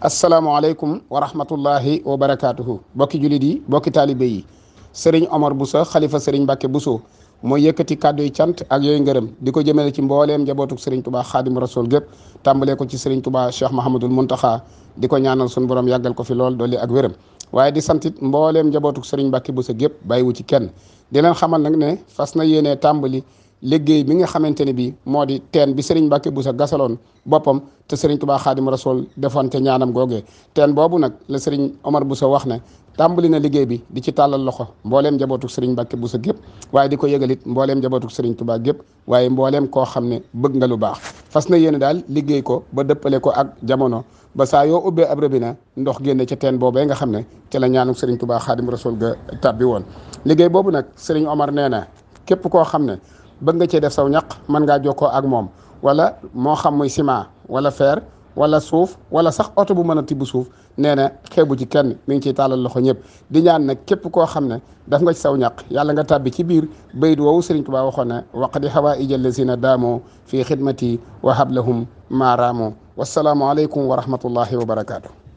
asalaamaaleykum wa rahmatullahi wa barakaatuhu bokki jullit yi bokki taalibe yi sëriñ Omar Bousso xalifa sëriñ Mbacke Bousso mooy yëkkati kàddu yi cant ak yooyu ngërëm di ko jëmale ci mbooleem njabootuk sëriñ Touba xaadim rasul gépp tàmbalee ko ci sëriñ Touba Cheikh Mahamadul Muntaxa di ko ñaanal sun borom yàggal ko fi lool dolli ak wéram waaye di santit mbooleem njabootuk sëriñ Mbacke Bousso gépp bàyyiwu ci kenn di xamal nag ne fas na yéenee tàmbali liggéey bi nga xamante ne bii moo di teen bi Serigne bu sa gasaloon boppam te Serigne Touba Khadim Rasoul defoon ca ñaanam googee teen boobu nag la Serigne Omar sa wax ne tàmbali na liggéey bi di ci tàllal loxo mbooleem njabootuk Serigne bu Bousso gépp waaye di ko yëgalit mbooleem njabootuk Serigne Touba gépp waaye mbooleem koo xam ne bëgg nga lu baax fas na yéene daal liggéey ko ba dëppale ko ak jamono ba saa yoo ubbee ab na ndox génne ca teen boobee nga xam ne ca la ñaanuk Serigne Touba Khadim Rasoul ga tàbbi woon liggéey boobu nag Serigne nee na képp koo xam ne bëgg nga cee def saw ñaq mën ngaa jokkoo ak moom wala moo xam muy ciment wala fer wala suuf wala sax oto bu mën a tibb suuf nee na xeebu ci kenn mu ngi ciy tàllal loxo ñëpp di ñaan nag képp koo xam ne daf nga ci saw ñaq yàlla nga tàbbi ci biir bayit woowu Sëriñ Tuubaa waxoon ne waqdi hawaaija lazina daamoo fii xidmati wa hablahum maaraamoo wasalaamualeykum wa rahmatullahi wa barakaatu.